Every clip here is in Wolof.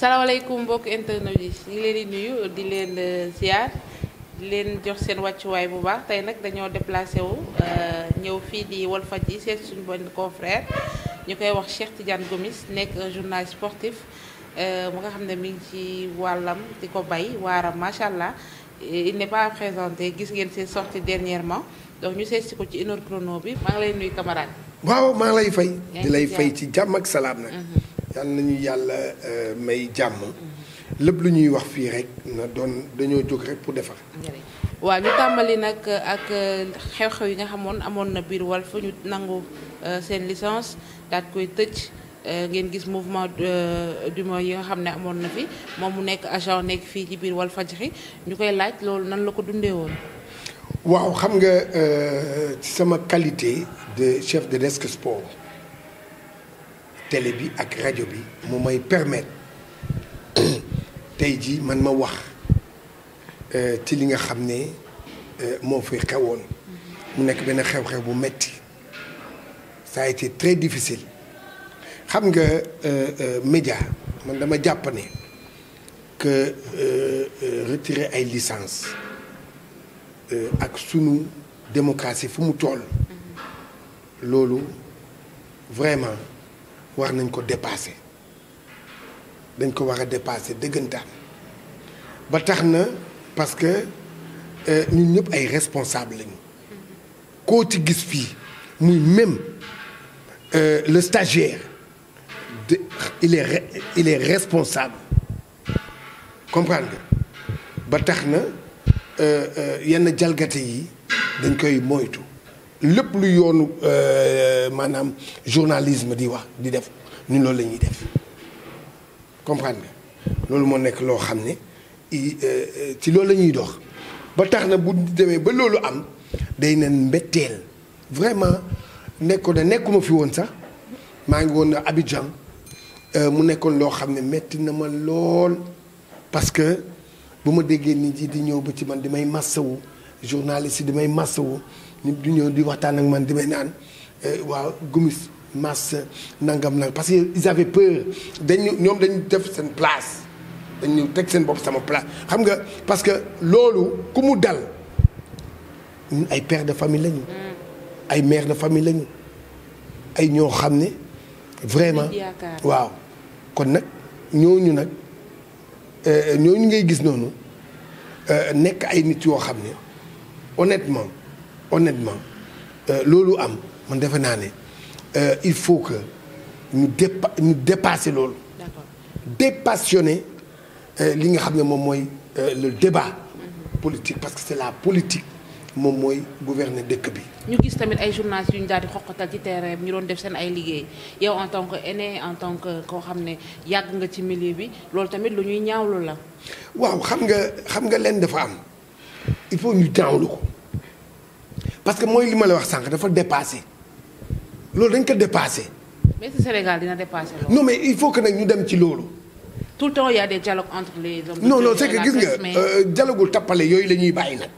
salaamaaleykum mbokk internet yi ñu ngi leen di nuyu di leen euh, ziar di leen jox seen wàccuwaay bu baax tey nag dañoo déplacé wu euh, ñëw fii di Walfadjri seet suñu bon confrère ñu koy wax Cheikh Tidiane Gomis nekk un journaliste sportif euh, mu nga xam ne mi ngi ci wàllam di ko bay waaram macha allah il n'est pas présenté gis ngeen seen sorti dernièrement donc ñu seet ko ci une heure bi maa ngi lay nuyu camarade. waaw maa ngi lay fay. di lay fay ci jàmm ak salaam nag. Mhm. yàlla nañu yàlla euh, may jàmm lépp lu ñuy wax fii rek na doon dañoo jóg rek pour defar. waaw ñu tàmbali nag euh, ak euh, xew-xew yi nga xamoon amoon na biir Walf ñu nangu seen licence daat koy tëj ngeen gis mouvement d'humeur yi nga xam ne amoon na fi moom mu nekk agent nekk fii ci biir Walfadjri ñu koy laaj loolu nan la ko dundee woon. waaw xam nga ci sama qualité de chef de desk sport. télé bi ak rajo bi mu may permettre tey jii man ma wax euh, ci li nga xam ne euh, moo fi xewoon mu nekk benn xew-xew bu metti ça été très difficile xam nga euh, média man dama jàpp ne que retirer ay licence ak sunu démocratie fu mu tool loolu vraiment wax nañ ko dépasser dañ ko war a dépasser dëggantaan ba tax na parce que euh, ñun ñëpp ay responsable lañu koo ci gis fii muy même euh, le stagiaire de il est il responsable comprendre ba tax na euh, euh, yenn jalgate yi dañ koy moytu. lépp lu yoonu euh, maanaam journalisme di wax di def ñun loolu la ñuy def comprendre nga loolu moo nekk loo xam ne euh, euh, ci loolu la ñuy dox ba tax na bu demee ba loolu am day nen mbetteel vraiment nekkoon na nekkuma fi woon sax maa ngi woon Abidjan mu nekkoon loo xam ne metti na ma lool parce que bu ma déggee nit yi di ñëw ba ci man di may massawu journaliste yi di may massawu nit du ñëw di waxtaan ak man di may naan eh, waaw gumis masse nangam nangam parce que ils avaient peur dañu ñoom dañu def seen place dañu teg seen bopp sama place xam nga parce que loolu ku mu dal ay père de famille lañu. Mm. ay mère de famille lañu ay ñoo xam ne vraiment waaw kon nag ñooñu nag eh, ñooñu ngay gis noonu eh, nekk ay nit yoo xam ne honnêtement. honnêtement euh, loolu am man defe naa ne euh, il faut que ñu dépa ñu dépasser loolu. dépassionner euh, li nga xam ne moom mooy le débat politique parce que c'est la politique moom mooy gouverne dëkk bi. ñu gis tamit ay journalistes yu ñu daal di xoqatal ci terrain bi ñu doon def seen ay liggéey yow en tant que aîné en tant que koo xam ne yàgg nga ci milieu bi loolu tamit lu ñuy ñaawlu la. waaw xam nga xam nga leen dafa am il faut ñu ñaawlu ko. parce que mooy li ma la wax sànq dafa dépassé loolu dañ ko dépassé. mais si Sénégal dina dépassé loolu. mais il faut que nag ñu dem ci loolu. tout le temps il des dialogues entre les hommes. non non gis nga euh, dialogul tappale yooyu la ñuy bàyyi nag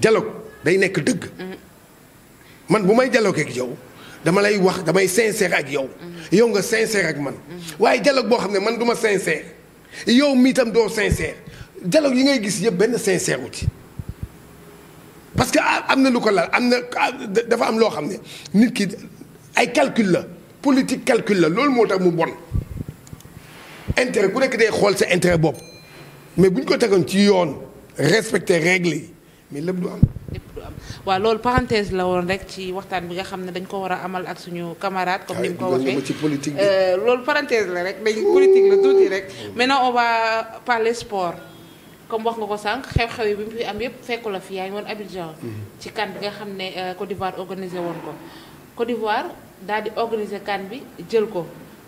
jaloog day nekk dëgg. Mm-hmm. man bu may dialogue ak yow dama lay wax damay sincère ak yow. Mm-hmm. yow nga sincère ak man. Mm-hmm. waaye dialogue boo xam ne man du ma sincère yow mii tam doo sincère dialogue yi ngay gis yëpp benn sincère wuti parce que am na lu ko lal am na dafa am loo xam ne nit ki ay calcul la politique calcul la loolu moo tax mu bon intérêt ku nekk day xool sa intérêt bopp mais bu ñu ko tegoon ci yoon respecter règles yi mais lépp du am. waaw loolu parenthèse la woon rek ci waxtaan bi nga xam ne dañ ko war a amal ak suñu camarade comme ni mu ko waxee ci politique euh, loolu parenthèse la rek dañ politique la tuuti rek maintenant on va parler sport. comme wax nga ko sànq xew-xew yi bi mu fi am yëpp fekku a fi yaa ngi woon Abidjan. Mm-hmm. ci kan bi nga xam ne euh, Côte d'Ivoire organisé woon ko Côte d'Ivoire daal di organiser kan bi jël ko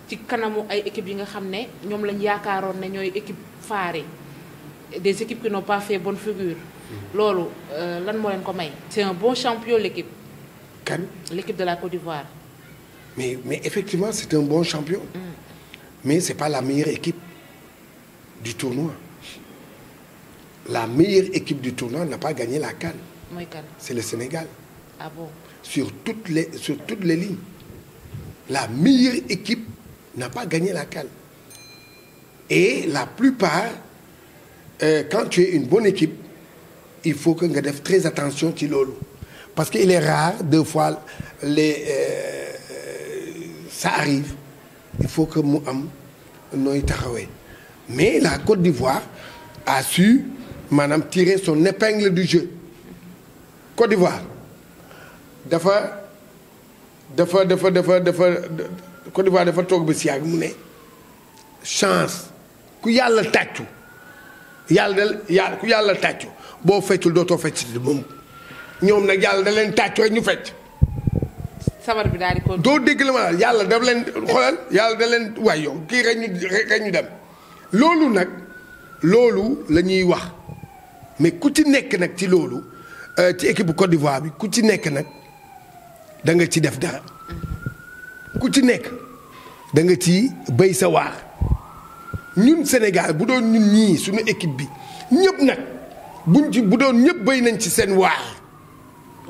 ci kanamu ay équipes yi nga xam ne ñoom lañu yaakaaroon ne ñooy équipe phare des équipes qui n'ont pas fait bonne figure. Mm-hmm. loolu euh, lan moo leen ko may. c'est un bon champion l'équipe. kan l'équipe de la Côte d'Ivoire. mais effectivement c'est un bon champion. Mm. mais c'est pas la meilleure équipe du la meilleure équipe du tournoi n'a pas gagné la CAN. mooy CAN c'est le Sénégal. ah bon sur toutes les sur toutes les lignes la meilleure équipe n'a pas gagné la CAN. et la plupart euh, quand tu es une bonne équipe il faut que nga def très attention ci loolu parce que il est rare deux fois les euh, ça arrive il faut que mu am nooy taxawee mais la Côte d'Ivoire a su. maanaam tirer son épingle du jeu Côte d'Ivoire dafa dafa dafa dafa dafa Côte d'Ivoire dafa toog ba si yàgg mu ne chance ku yàlla tàccu yàlla dal yàlla ku yàlla tàccu boo feccul dootoo fecc di moom ñoom nag yàlla da leen tàccu rek ñu fecc. sabar bi daal ko. doo dégg la ma yàlla daf leen xoolal yàlla da leen waay yow kii rek ñu dem loolu nag loolu la ñuy wax. mais ku ci nekk nag ci loolu euh, ci équipe bu Côte d'Ivoire bi ku ci nekk nag da nga ci def dara ku ci nekk da nga ci béy sa waar ñun Sénégal bu doon ñun ñi suñu équipe bi ñëpp nag buñ ci bu doon ñëpp béy nañ ci seen waar.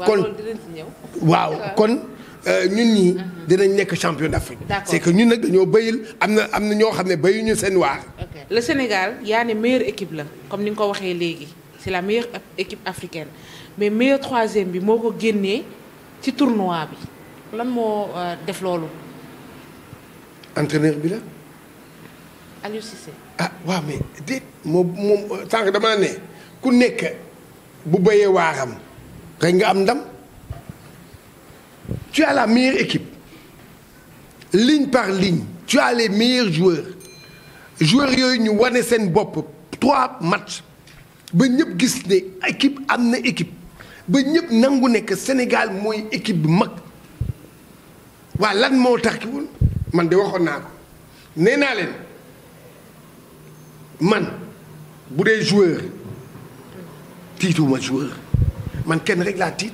kon waaw kon euh, ñun ñii uh-huh. dinañ nekk champion d'Afrique. c'est que ñun nag dañoo béyil am na am na ñoo xam ne béyuñu seen waar. le Sénégal yaa ne meilleure équipe la comme ni nga ko waxee léegi. c'est la meilleure équipe africaine mais meilleur troisième bi moo ko génnee ci tournoi bi lan moo euh, def loolu. entraîneur bi la. Aliou Cissé. ah waaw mais déet moom moom euh, sànq dama ne ku nekk bu béyee waaram rek nga am ndam tu as la meilleure équipe ligne par ligne tu as les meilleurs joueurs joueurs yooyu ñu wane seen bopp trois matchs. ba ñëpp gis ne équipe am na équipe ba ñëpp nangu nekk Sénégal mooy équipe bu mag waa lan moo tax wul man de waxoon naa ko nee naa leen man bu dee joueur tiituwuma joueur man kenn rek laa tiit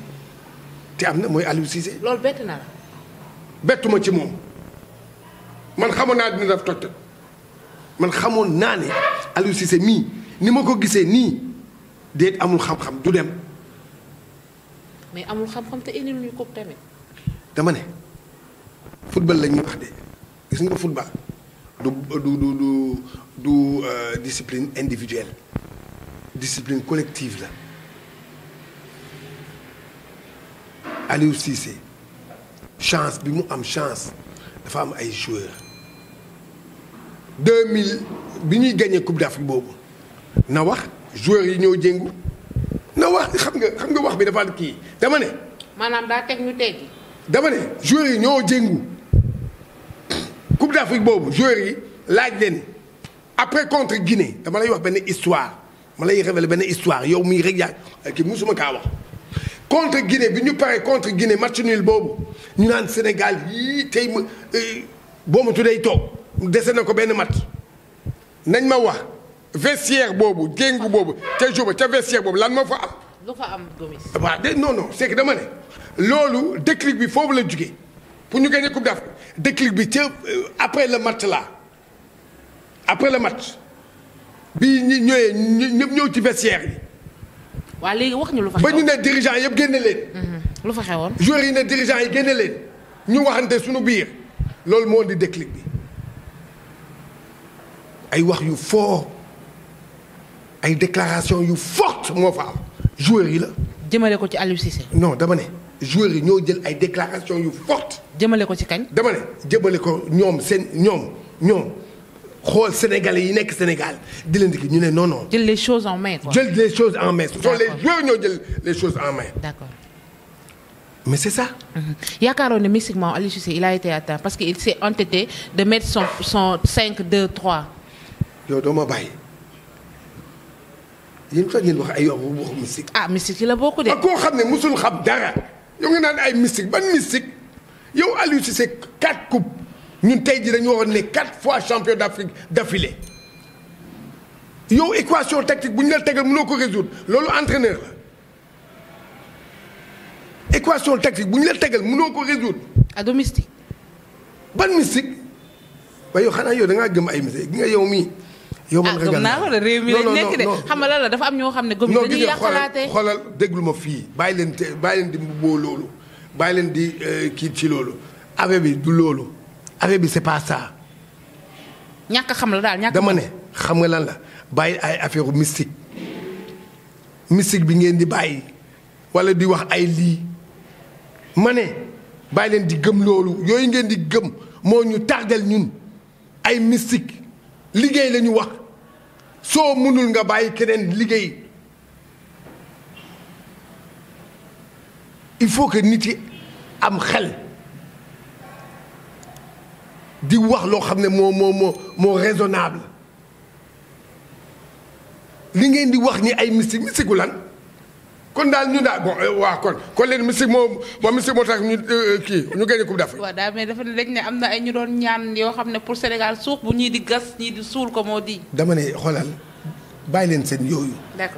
te am na mooy Aliou loolu bett na bettuma ci moom man xamoon naa dina def toj man xamoon naa ne Aliou mii. ni ma ko gisee nii déet amul xam-xam du dem. mais amul xam-xam te indil ñu ko tamit. dama ne football la ñuy wax de gis nga football du du du du du euh, discipline individuelle discipline collective la Aliou Cissé chance bi mu am chance dafa am ay joueurs. mille bi ñuy gagné coupe d'Afrique boobu. na wax joueurs yi ñoo jéngu na wax xam nga xam nga wax bi dafa kii dama ne. maanaam daa teg ñu teggi dama ne joueurs yi ñoo jéngu Coupe d'Afrique boobu joueurs yi laaj leen après contre Guinée dama lay wax benn histoire ma lay révéler benn histoire yow mii rek yaa kii musuma kaa wax. contre Guinée bi ñu paree contre Guinée match nul boobu ñu naan Sénégal yii tey ma euh, boo ma tuddee toog dese na ko benn match nañ ma wax. vestiaire boobu géngu boobu ca juba ca vestiaire boobu lan moo fa am. lu fa am Gomis. waaw de non non c'est dama ne loolu déclic bi foofu la juge pour ñu gagner coupe d'Afrique déclic bi ca euh, après le match là après le match bi ñu ñëwee ñëpp ñëw ci vestiaire yi. waa léegi wax ñu lu fa xewoon ba ñu ne dirigeant yëpp génne leen. Mm-hmm. lu fa xewoon. joueurs yi ne dirigeant yi génne leen ñu waxante suñu biir loolu moo di déclic bi ay wax yu fort. ay déclaration yu forte moo fa am joueurs yi la. jëmale ko ci Aliou Cissé. non dama ne joueurs yi ñoo jël ay déclaration yu forte jëmale ko ci kañ. dama ne jëmale ko ñoom seen ñoom ñoom xool sénégalais yi nekk Sénégal di leen ñu ne non non. jël les choses en main quoi. jël les choses en main. d'accord les joueurs ñoo jël les choses en main. d'accord. mais c'est ça. Mhm. yaakaaroon ne mystiquement Aliou Cissé il a été parce que il s'est entêté de mettre son son cinq 2 3. yow yéen sax ngeen wax ay wax wax mystique. ah la bokk de. ak ah, koo xam ne musul xam dara yow nga naan ay mystique ban mystique yow Aliou Cissé quatre ñun tey jii dañu waxoon ne quatre fois champion d'Afrique d'affilée yow équation tactique bu ñu la tegal mënoo ko résoudre loolu entraîneur la équation tactique bu ñu la tegal mënoo ko résoudre. ah du mystique. ban mystique waaye yow xanaa yow da ngaa gëm ay mystique gi nga yow mii. yow mën ah, nga gëm naa réew mi lañ nekk de xam nga lan la dafa am ñoo xam ne gëm dañuy yàqalaatee xoolal déglu ma fii bàyyi leen te bàyyi leen di mbubboo loolu bàyyi leen di euh, kii ci loolu affaire bi du loolu affaire bi c'est ñàkk xam la daal ñàkk dama ne xam nga lan la bàyyi ay affaire mistik mistik bi ngeen di bàyyi walla di wax ay lii ma ne bàyyi leen di gëm loolu yooyu ngeen di gëm moo ñu tardel ñun ay mystique liggéey la wax soo mënul nga bàyyi keneen liggéey il faut que nit yi am xel di wax loo xam ne moo moo moo moo raisonnable li ngeen di wax ni ay mystique mystique lan kon daal ñu daal euh, waa kon kon leen musique moo moom musique moo tax ñu euh, kii ñu génne coupe d'Afrique. waaw dafa ne dañ ne am na ay ñu doon ñaan yoo xam ne pour Sénégal suux bu ñii di gas ñii di suul ko moo di. dama ne xoolal bàyyi leen seen yooyu.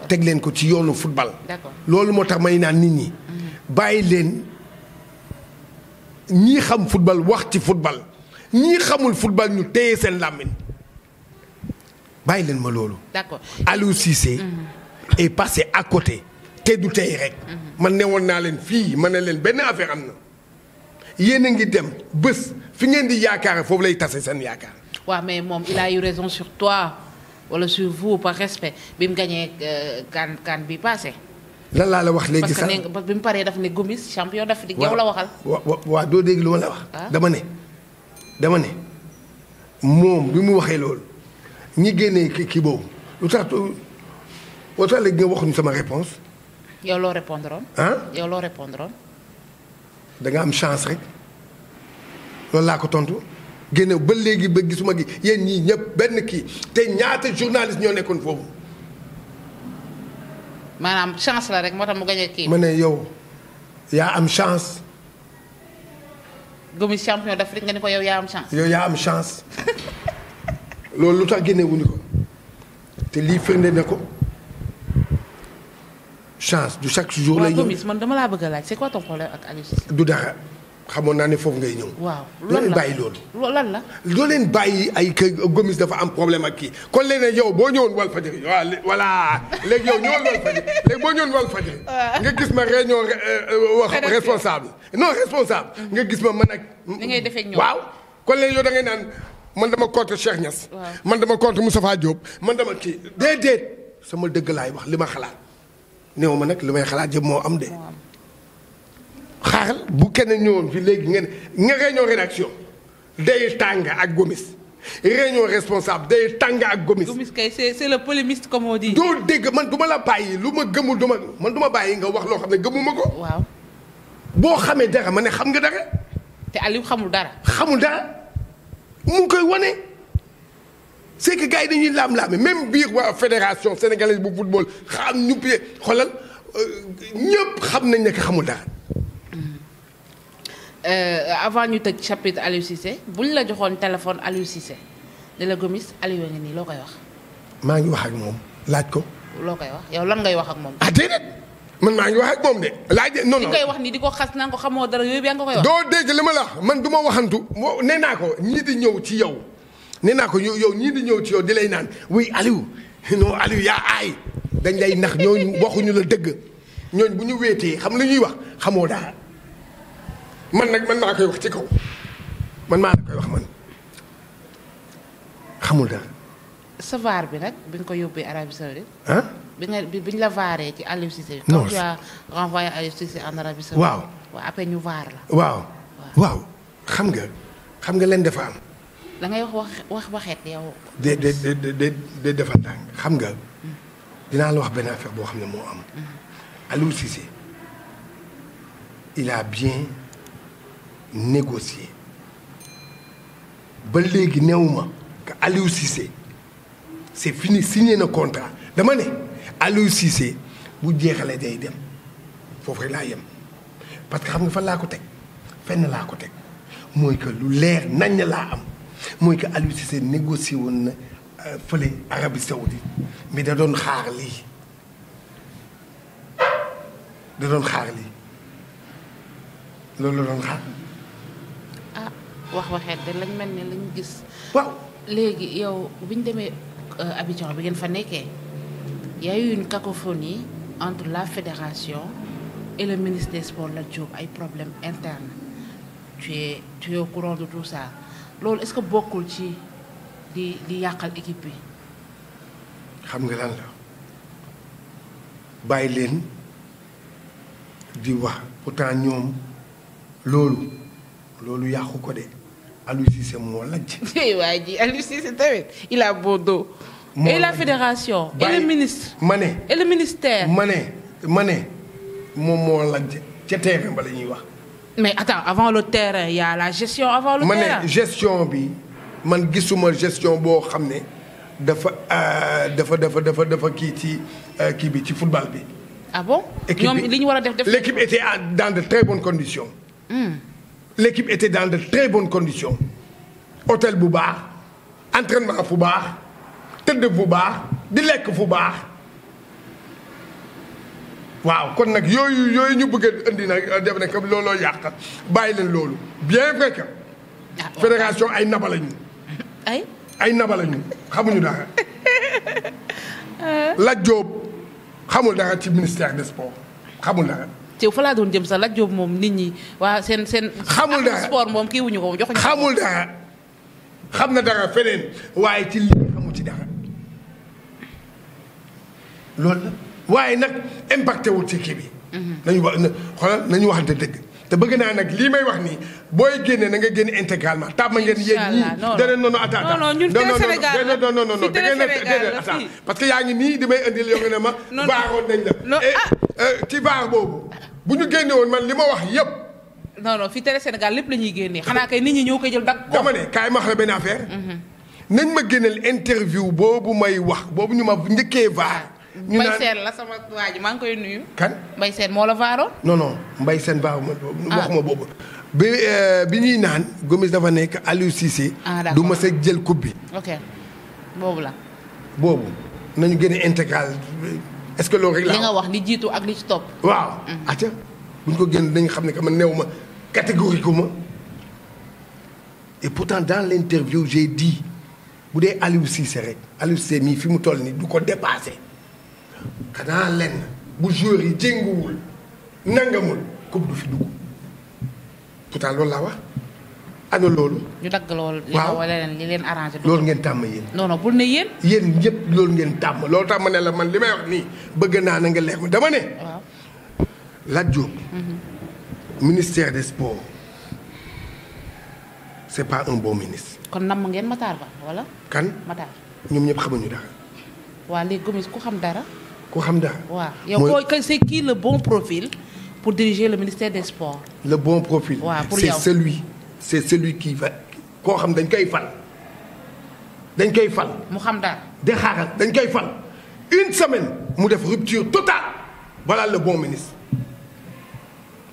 teg leen ko ci yoonu football. loolu moo tax may naan nit ñi. bàyyi leen ñii xam football wax ci football ñii xamul football ñu téye seen làmmiñ bàyyi leen ma loolu. d'accord Aliou Cissé. Mm-hmm. est passé côté. te du tey rek. man ne woon naa leen fii man na leen benn affaire am na yéen a ngi dem bés fi ngeen di yaakaar foofu lay tase seen yaakaar. waaw mais moom il a eu raison sur toi wala sur vous par respect bi mu gagné euh, kan kaan bi passé. lan laa la wax léegi sax parce que bi mu paree daf ne Gomis champion d'Afrique yow la waxal. waa waaw doo dégg lu ma la wax. Ah. dama ne dama ne moom bi mu waxee loolu ñi génnee kii boobu lu tax lu tax léegi nga waxuñu sama réponse yow loo répondroon. ah yow loo répondroon. am chance rek loolu laa ko tontu génne ba léegi ba gisuma gi yéen ñii ñëpp benn kii te ñaata journaliste ñoo nekkoon foofu. maanaam chance la rek moo tax mu gañe kii. ma ne yow yaa am chance. Gomis champion d'Afrique nga ni ko yow yaa am chance. yow yaa am chance loolu lu tax génne ko te lii firnde na ko. chance du chaque jour. lay ñëw man dama laa bëgg a laaj c'est quoi ton du dara xamoon naa ne foofu ngay ñëw. waaw lan la doo bàyyi loolu. lan la. doo leen bàyyi ay kër Gomis dafa am problème ak kii kon yow boo ñëwoon Walfadjri waaw voilà léegi yow ñëwoon Walfadjri léegi boo ñëwoon Walfadjri. nga gis ma réunion euh, euh, wax responsable. non responsable. Mm-hmm. nga gis ma man ak. ni ngay defee ñoom waaw. kon léegi yow da ngay naan man dama contre Cheikh ñas man dama contre Moustapha Diop man dama kii déedéet sama dëgg laay wax li ma xalaat néew ma nag lu may xalaat jëm moo am de. xaaral bu kenn ñëwoon fi léegi ngeen nga réunion rédaction day tàng ak Gomis réunion responsable day tàng ak Gomis. Gomis kay c'est le polémiste comme on doo dégg man du ma la bàyyi lu ma gëmul du man du ma bàyyi nga wax loo xam ne ma ko. waaw boo xamee dara ma ne xam nga dara. te Aliou xamul dara. xamul dara mu koy wane. c'est que gars yi dañuy laam-laame même biir waa fédération sénégalaise bu football xam ñu pie xoolal euh, ñëpp xam nañ ne que xamul dara. Euh, euh, avant ñu tëj chapitre Aliou bu ñu la joxoon téléphone Aliou Cissé ne la Gomis Aliou ngi nii loo koy wax. maa ngi wax ak moom laaj ko. loo koy wax yow lan ngay wax ak moom. ah déedéet man maa ngi wax ak moom de laaj de non wax nii di ko xas naa ko xamoo dara yooyu yaa ngi koy wax. doo dégg li ma la wax man du ma waxantu nee naa ko ñii di ñëw ci yow. nee naa ko yow ñii di ñëw ci yow di lay naan wuy Aliou non Aliou yaa aay dañ lay nax ñooñu waxuñu la dëgg ñooñ bu ñu weetee xam lu ñuy wax xamoo daal man nag man maa koy wax ci kaw man maa la koy wax man xamul daal. sa vaar bi nag bi nga ko yóbbee Arabie Saoudite. ah bi bi ñu la vaaree ci Aliou Cissé. non tu as renvoyé Aliou Cissé ñu vaar la. waaw waaw xam nga xam nga leen dafa am. da ngay wax wax waxeet yow. de de de de defal ndànk xam nga dinaa la wax benn affaire boo xam ne moo am. Mm-hmm. Aliou Cissé il a bien négocié ba léegi néew ma que Aliou Cissé c'est fini signé na contrat dama ne Aliou Cissé bu jeexalee day dem foofu rek laa yem parce que xam nga fan laa ko teg fenn laa ko teg mooy que lu leer nañ laa am. mooy que Aliou Cissé négocié woon na euh, fële Arabie Saoudite mais da doon xaar lii da doon xaar lii loolu la doon xaar. ah wax waxeet de lañ mel ni lañ gis. waaw léegi yow bu demee euh, Abidjan bi ngeen fa nekkee y a eu une cacophonie entre la fédération et le ministre des sports Lat ay problèmes interne tu es courant de tout loolu est-ce que bokkul ci di di yàqal équipe bi. xam nga lan la bàyyi leen di wax pourtant ñoom loolu loolu yàqu ko de Aliou Cissé moo lajj. waa ji Aliou Cissé tamit il a beau dos. et la fédération. et le ministre ma ne. ma ne ma ne moom moo lajj ca terrain ba la ñuy wax. mais attends avant le terrain il la gestion avant le terrain ma ne gestion bi man gisuma gestion boo xam ne dafa euh, dafa dafa dafa dafa kii ci euh, kii bi ci football bi. ah bon ñoom li ñu war a def def l' équipe hmm. était dans de très bonnes conditions. l' équipe était dans de très bonnes hôtel bu baax entraînement fu baax tëdd fu baax di lekk fu baax. waaw kon nag yooyu yooyu ñu bëgg a indi nag euh, def ne looloo yàq bàyyi leen loolu bien vrai fédération ay naba la ay ay naba la xamuñu dara. Euh. Lat Diop xamul dara ci ministère des sports xamul dara. te jëm sax Lat Diop moom nit ñi waa seen seen. xamul dara sport moom kii ko jox xamul dara xam na dara feneen waaye ci lii xamul ci dara loolu la. waaye nag impacté wul ci kii bi. nañu wax xoolal wax waxante dëgg. te bëgg naa nag lii may wax nii booy génnee na nga génne intégralement taab ma ngeen yéen ñii dana noonu ata ata non non non non non non da ngeen a ata parce que yaa ngi nii di nañ la eh, ah. eh, ci baax boobu bu ñu génne woon man li ma wax yëpp non non fii télé lépp la ñuy génne xanaa kay nit ñi ñoo koy jël dag dama ne kaay ma wax la benn affaire mhm. nañ ma génneel interview boobu may wax boobu ñu ma njëkkee vaar ñu naan la sama waa maa ngi koy nuyu. kan Mbaye Sène moo la vaaroo. non non Mbaye Sène vaaru ma ah. waxuma boobu. bi euh, bi ñuy naan Gomis dafa nekk Aliou Cissé. Ah, du ma sa jël coupe bi. ok boobu la. boobu nañu gën a intégral est-ce loolu rek la nga wax li jiitu ak li ci topp. waaw. acca bu ñu ko génn dañu xam ne que man néew ma catégoriquement et pourtant dans l'interview j'ai bu dee Aliou Cissé rek Aliou Cissé mii fi mu toll nii du ko dépassé. xanaa lenn bu joueur yi jénguwul nangamul coupe du fi dugg pourtant loolu laa wax ana loolu. ñu dagg loolu. waaw li leen arrangé. loolu ngeen tàmm yéen. non non bul ne yéen. yéen ñëpp loolu ngeen tàmm loolu tax ne la man li may wax nii bëgg naa na nga leer ma dama ne. waaw. Lat Diop. Mhm. ministère des sports c'est pas un bon ministre. kon nam ngeen Matar Ba wala. kan Matar ñoom ñëpp xamuñu dara. waa léegi Gomis ku xam dara. koo xam dara. waaw yow kay c'est qui le bon profil pour diriger le ministère des sports. le bon profil. waaw pour yow c'est celui c'est celui qui va koo xam dañ koy fal. dañ koy fal. mu xam dara. de xaaral dañ koy fal une semaine mu def rupture totale voilà le bon ministre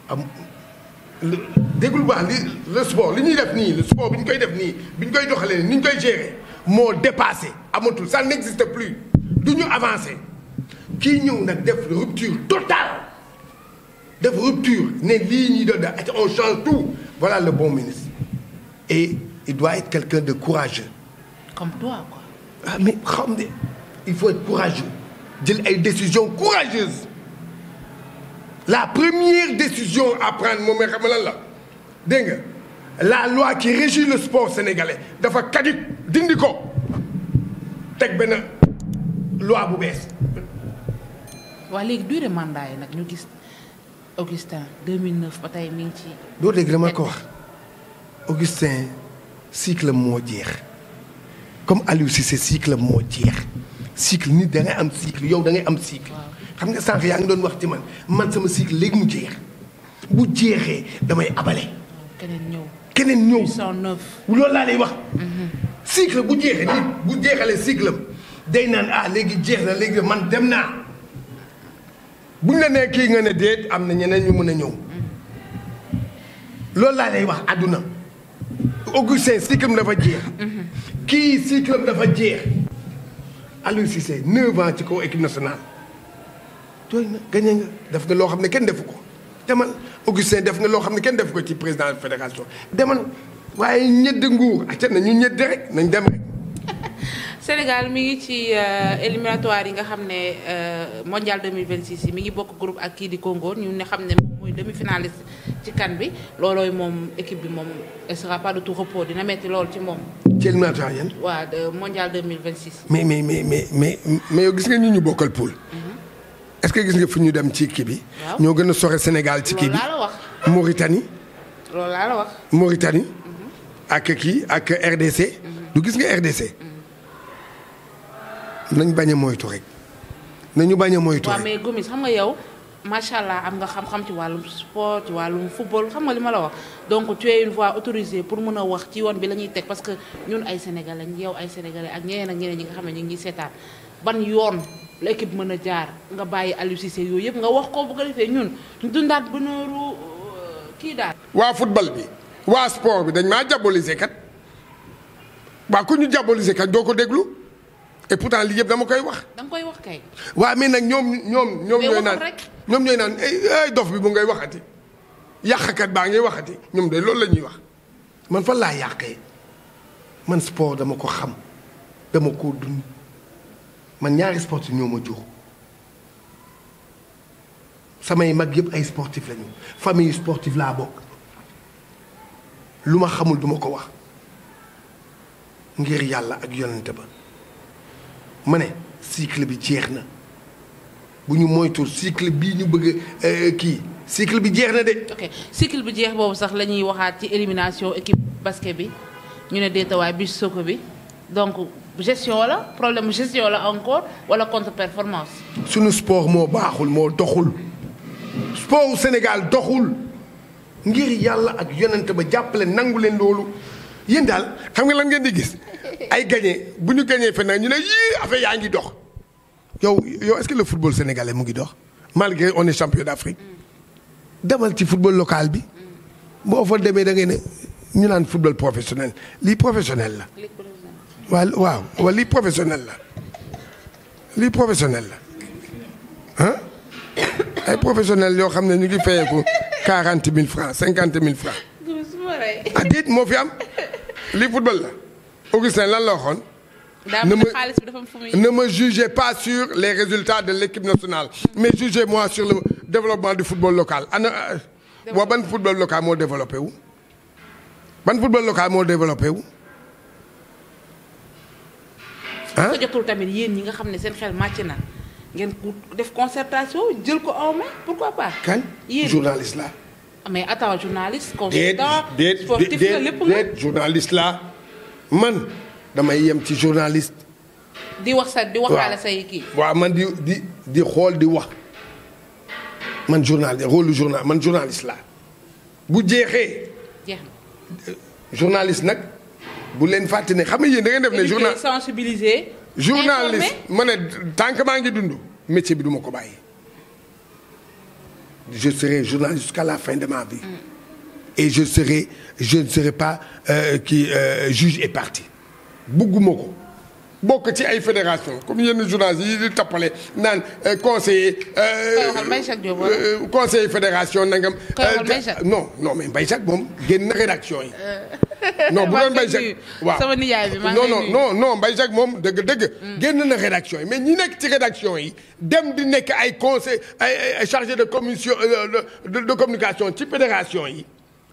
am déggul baax le sport li ñuy def nii le sport bi ñu koy def nii bi ñu koy doxalee ni ñu koy gérer moo dépassé amatul ça n'existe plus du ñu avancé. kii ñëw nag def rupture totale def rupture ne lii ñuy doon daal on change tout voilà le bon ministre et il doit être quelqu'un de courageux. comme toi quoi. ah mais xam ne il faut être courageux jël ay décisions courageuses la première décision à prendre moom xam nga lan la dégg nga la loi qui régit le sport sénégalais dafa kaddu dindi ko teg benn loi bu waa léegi durée mandat yi nag ñu gis Augustin 2009 ba tey mi ngi ci. doo dégg dama ko wax Augustin cycle moo jeex comme Aliou Cissé cycle moo jeex cycle nit da ngay am cycle yow da ngay am cycle. xam nga sànq yaa ngi doon wax ci man man sama cycle léegi mu jeex bu jeexee damay abale. keneen ñëw keneen ñëw. 809 loolu laa lay wax. Mhm. cycle bu jeexee nit bu jeexalee cycle am day naan ah léegi jeex na léegi man dem naa. buñ la nee kii nga ne déet am na ñeneen ñu mën a ñëw loolu laa lay wax àdduna Augustin cycle dafa jeex. Mm-hmm. kii cycle dafa jeex. Aliou Cissé neuf ans ci kaw équipe nationale tooy na gagné nga def nga loo xam ne kenn defu ko demal Augustin def nga loo xam ne kenn defu ko ci président fédération demal waaye ñedd nguur acca na ñu ñedd rek nañ dem Sénégal mi ngi ci euh, éliminatoire yi nga xam ne euh, mondial 2026 yi mi ngi bokk groupe ak kii di Congo ñu ne xam ne moom mooy demi finaliste ci kan bi loolooy moom équipe bi moom elle sera pas de tout repos dina metti lool ci moom. ci éliminatoire yan. waaw de mondial 2026. mais mais mais mais mais mais yow gis nga ñu ñu bokkal pool. Mm-hmm. est-ce que gis nga fu ñu dem ci kii bi. ñoo gën a sore Sénégal ci kii bi loolu laa la wax. Mauritanie. loolu laa la wax. Mauritanie. Mm-hmm. ak kii ak RDC. Mm-hmm. du gis nga RDC. nañ bañ a moytu rek nañu bañ a moytu rek. waaw mais Gomis xam nga yow macha allah am nga xam-xam ci wàllum sport ci wàllum football xam nga li ma la wax donc tu es une voix pour mën a wax ci yoon bi la ñuy teg parce que ñun ay sénégalais yow ay sénégalais ak ñeneen ak ñeneen ñi nga xam ne ñu ngi seetaan ban yoon. la équipe mën a jaar nga bàyyi Aliou yooyu yëpp nga wax ko bu ko defee ñun ñu dundaat ba euh, kii daal. waa football bi waa sport bi dañ maa diaboliser kat waa ku ñu diaboliser kat doo ko déglu et pourtant lii yëpp dama koy wax. dama koy wax kay. waaw nag ñoom ñoom ñoom. ñooy naan ñoom ñooy naan ay eh, eh, dof bi bu ngay waxati. yàqkat baa ngay waxati ñoom de loolu la ñuy wax man fan laa yàqee man sport dama ko xam dama ko dund man ñaari sportif ñoo ma jur samay mag yëpp ay sportif lañu famille sportive laa bokk lu ma xamul duma ko wax ngir yàlla ak yonente ba. ma ne cycle bi jeex na bu ñu moytul cycle bii ñu bëgg euh, kii cycle bi jeex na de. ok cycle bi jeex boobu sax la ñuy waxaat ci élimination équipe basket bi ñu ne déetawaay bi soko bi donc gestion la problème gestion la encore wala contre performance. suñu sport moo baaxul moo doxul sport Sénégal doxul ngir yàlla ak yonante ba jàppale nangu leen loolu yéen daal xam nga lan ngeen di gis. ay gagné bu ñu gagné fenn ñu ne yii affaire yaa ngi dox yow yow est-ce que le mu ngi dox malgré on est champion d'Afrique demal ci football local bi boo fa demee da ngay ñu naan football professionnel lii professionnel la. waaw waaw waaw lii professionnel la lii professionnel la ay professionnel yoo xam ne ñu ngi fayeeku quarante mille francs cinquante mille francs ah moo fi am lii football la. Augustin lan la waxoon. ne me ne me jugez pas sur les résultats de l'équipe nationale. mais jugez-moi sur le développement du football local ana. waa ban football local moo développé wu. ban football local moo développé wu. ah tamit yéen ñi nga xam ne seen xel màcc na ngeen def concertation jël ko en main pourquoi pas. kan journaliste la. Ah, mais attends journaliste. consultant sportif la lépp journaliste la. man damay yem ci journaliste. di wax sa di waxaale say kii. waaw man di di di xool di wax man journal rôle journal man journaliste laa bu jeexee. jeex nag bu leen fàtte ne xam nga yéen da ngeen def ne. journal sensibiliser. journaliste ma ne tànk maa ngi dund métier bi duma ko bàyyi. je serai journaliste jusqu'à la fin de ma et je serai je ne serai pas kii euh, euh, juge et parti bugguma ko bokk ci ay fédération comme yenn journalistes yi i tappale naan euh, conseiller. conseiller fédération nangam. non non mais Mbaye Jacques moom génn na rédaction yi. non bu doon Mbaye Jacques waaw sama nijaay bi non non non non Mbaye moom dëgg dëgg. Mm. génn na rédaction yi mais ñi nekk ci rédaction yi dem di nekk ay conseil ay chargé de commission de communication ci fédération yi.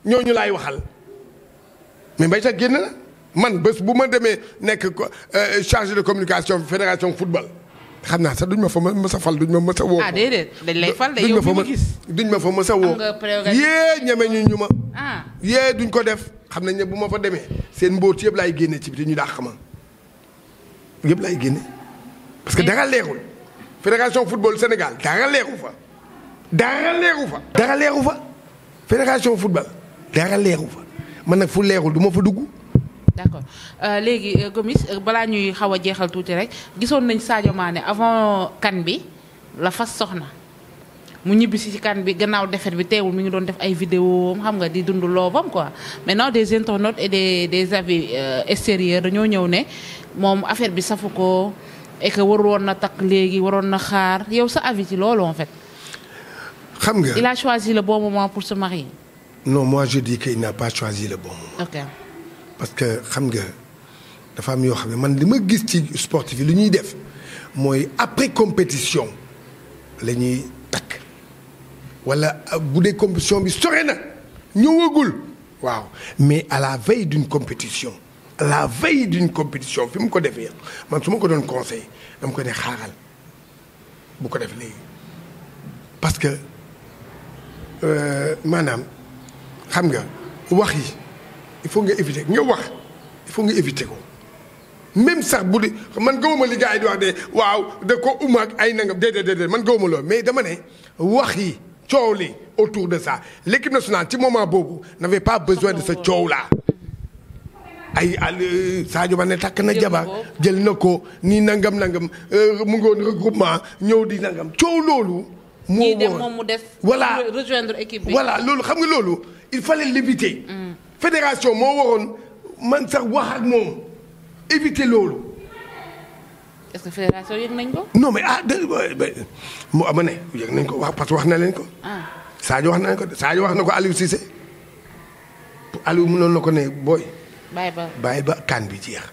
ñoo ñooñu laay waxal mais Mbaye Cheikh génn na man bés bu ma demee nekk euh, chargé de communication fédération football xam naa sax duñ ma fa mës a fal duñ ma mës a woo. ah déedéet dañ lay fal de yow ma gis duñ ma fa mës a woo yee ñeme ñu ñu ma. Ah. yee duñ ko def xam nañ ne bu ma fa demee seen mbóot yëpp laay génne ci bi biti ñu dàq ma yëpp laay génne. parce que dara leexul fédération football Sénégal dara leeru fa. dara leeru fa. dara leeru fa fédération dara leeru fa man nag fu leerul du ma fa dugg. d'accord euh, léegi euh, Gomis euh, balaa ñuy xaw a jeexal tuuti rek gisoon nañ Sadio Mané avant kan bi la fas soxna mu ñibbisi ci kan bi gannaaw defet bi teewul mi ngi doon def ay vidéo xam nga di dund loobam quoi maintenant des internautes et des des avis extérieurs dañoo ñëw ne moom affaire bi safu ko et que na takk léegi waroon na xaar yow sa avis ci loolu en fait. xam nga il a choisi le bon moment pour se marier. non moi je dis que il n'a pas choisi le bon moment. ok parce que xam nga dafa am yoo xam ne man li ma gis ci sportif yi lu ñuy def mooy après compétition la ñuy takk wala euh, bu dee compétition bi soxee na ñëwagul waaw mais à la veille d'une compétition à la veille d'une compétition fi mu ko defee man su ma ko doon conseil dama ko ne xaaral bu ko def léegi parce que euh, maanaam. xam nga wax yi il faut nga éviter nga wax il faut nga éviter ko même sax bu di man gawuma li gars yi di wax de waaw da ko uma ay nangam déedéet déedéet man gawuma loolu mais dama ne wax yi coow li autour de ça l' équipe nationale ci moment boobu n'avait pas besoin de ce coow laa ay al euh, Sadio Mané takk na jabar jël na ko nii nangam nangam euh, mu ngi woon ñëw di nangam coow loolu. moo moom mu def. rejoindre équipe bi voilà loolu xam nga loolu. il fallait l'éviter fédération moo waroon man sax wax ak moom éviter loolu. est-ce que fédération yëg nañ ko. non mais ah dégg nga ah, ma ne yëg nañ ko wax parce que wax na leen ko. Ah. saajo wax na leen ko saajo wax na ko Aliou Cissé Aliou mënoon na ko ne booy. bàyyi ba baay ba kan bi jeex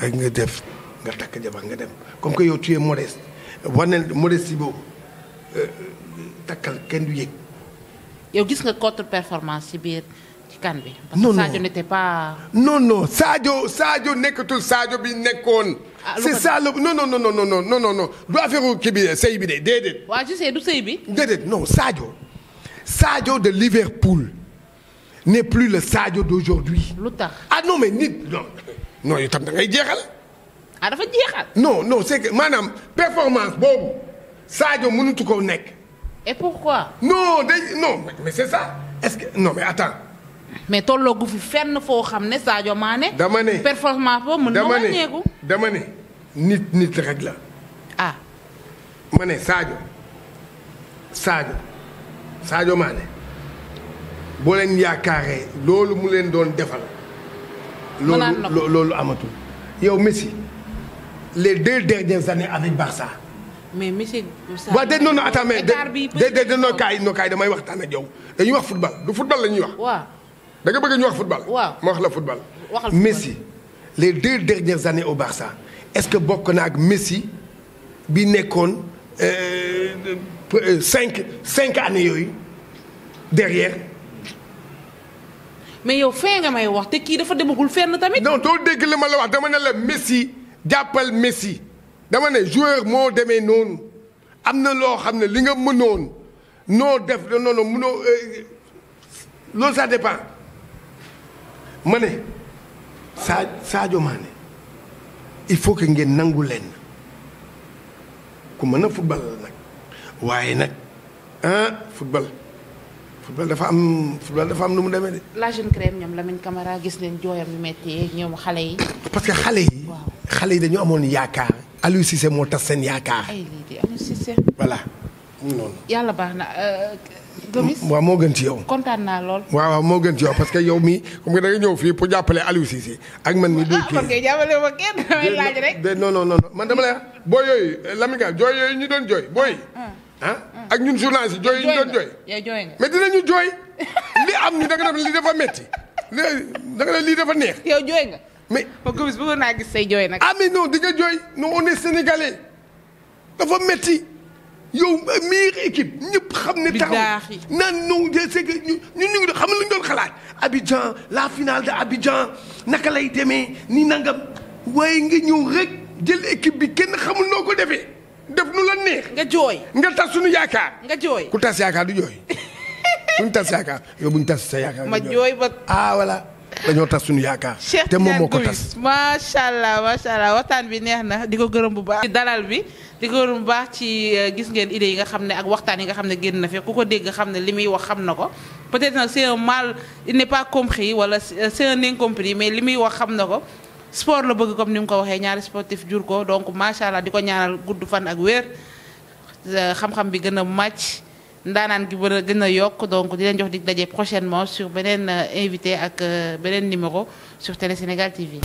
rek nga def nga takk jabar nga dem comme que yow tu es modeste war na modeste boobu euh, takkal kenn du yëg. yow gis nga cot performance ci biir ci kan bi. parce que Sadio n'était pas. non non saajo Sadio nekkatul Sadio bi nekkoon. ah c'est ça le non non non non non non bi sëy bi de déedéet. waaw je sais du bi. déedéet non Sadio Sadio de Liverpool n'est plus le Sadio d'aujourd'hui. lu tax ah no mais nit non non itam da ngay jeexal. ah dafa jeexal. non non c'est que maanaam performance boobu Sadio mënatu koo nekk. et pourquoi. non day non mais c'est ça est non mais attends. mais tolloo gu fi fenn foo xam ne saajo maane dama ne performance boobu mën na wàññeeku. dama ne nit nit rek la. ah. ma ne saajo Sadio Sadio Mané boo leen yaakaaree loolu mu leen doon defal. loolu loolu amatul. yow Messi les deux dernières années avec Barça. mais monsieur. waaw déedéet non non attends mais déedéet non kaay non kaay damay waxtaan ak yow dañuy wax football du football la ñuy wax. waaw da nga bëgg ñu wax football. waaw ma wax la football. waxal Messi les deux dernières années au sax est-ce que bokk na ak Messi bi nekkoon euh, euh, cinq cinq années yooyu derrière. mais yow fee nga may wax te kii dafa demagul fenn tamit. non doo dégg la ma la wax dama ne la Messi jàppal Messi. dama ne joueur moo demee noonu am na loo xam ne li nga mënoon noo def da noonu mënoo euh, loolu ça dépend ma ne Sa Sadio Mané il faut que ngeen nangu leen ku mën a football nag waaye nag ah football football dafa am football dafa am nu mu demee de. la jeune crème ñoom Lamine Camara gis nañ jooyam yu métti yeeg ñoom xale yi. parce que xale yi. xale yi dañu amoon yaakaar. Aliou Cissé moo tas seen yaakaar. ay yàlla baax na. Euh, Gomis waaw moo gën ci yow. kontaan naa lool. waa waaw moo gën ci yow parce que yow mi comme que da ñëw fii pour jàppale Aliou Cissé ak man mi ah kon kay ma kenn damay laaj rek. non non man dama lay wax booy yooyu Lamine Camara jooy yooyu ñu doon jooy Ah? ak ñun journaliste yi jooy ñu doon jooy. mais dinañu jooy li am ñu da li dafa metti li da nga def lii dafa neex. yow jooy nga. mais ma gomis bëggoon gis say jooy nag. ah mais non di nga jooy non on est sénégalais dafa metti yow meilleure équipe ñëpp xam ne. taxaw naan non c'est que ñu ñu ngi xam lu ñu doon xalaat. Abidjan la finale de Abidjan naka lay demee nii nangam waaye nga ñëw rek jël équipe bi kenn xamul noo ko defee. def nu la neex. nga jooy nga tas suñu yaakaar. nga jooy ku tas yaakaar du jooy buñ tas yaakaar yow buñ tas sa yaakaar. ma jooy ba ah voilà. dañoo tas suñu yaakaar. te moom moo ko tas macha allah macha allah waxtaan bi neex na di ko gërëm bu baax. ci bi di ko gërëm bu baax ci euh, gis ngeen idées yi nga xam ne ak waxtaan yi nga xam ne génn na fi ku ko dégg xam ne li muy wax xam na ko peut-être nag mal il n'est pas compris wala c'est un incompris mais li muy wax xam na ko. sport la bëgg comme ni mu ko waxee ñaari sportif jur ko donc macha allah di ko ñaanal gudd fan ak wér xam-xam bi gën a màcc ndaanaan gi bë gën a yokk donc di jox di dajee prochainement sur beneen euh, invité ak euh, beneen numéro sur Télé Sénégal TV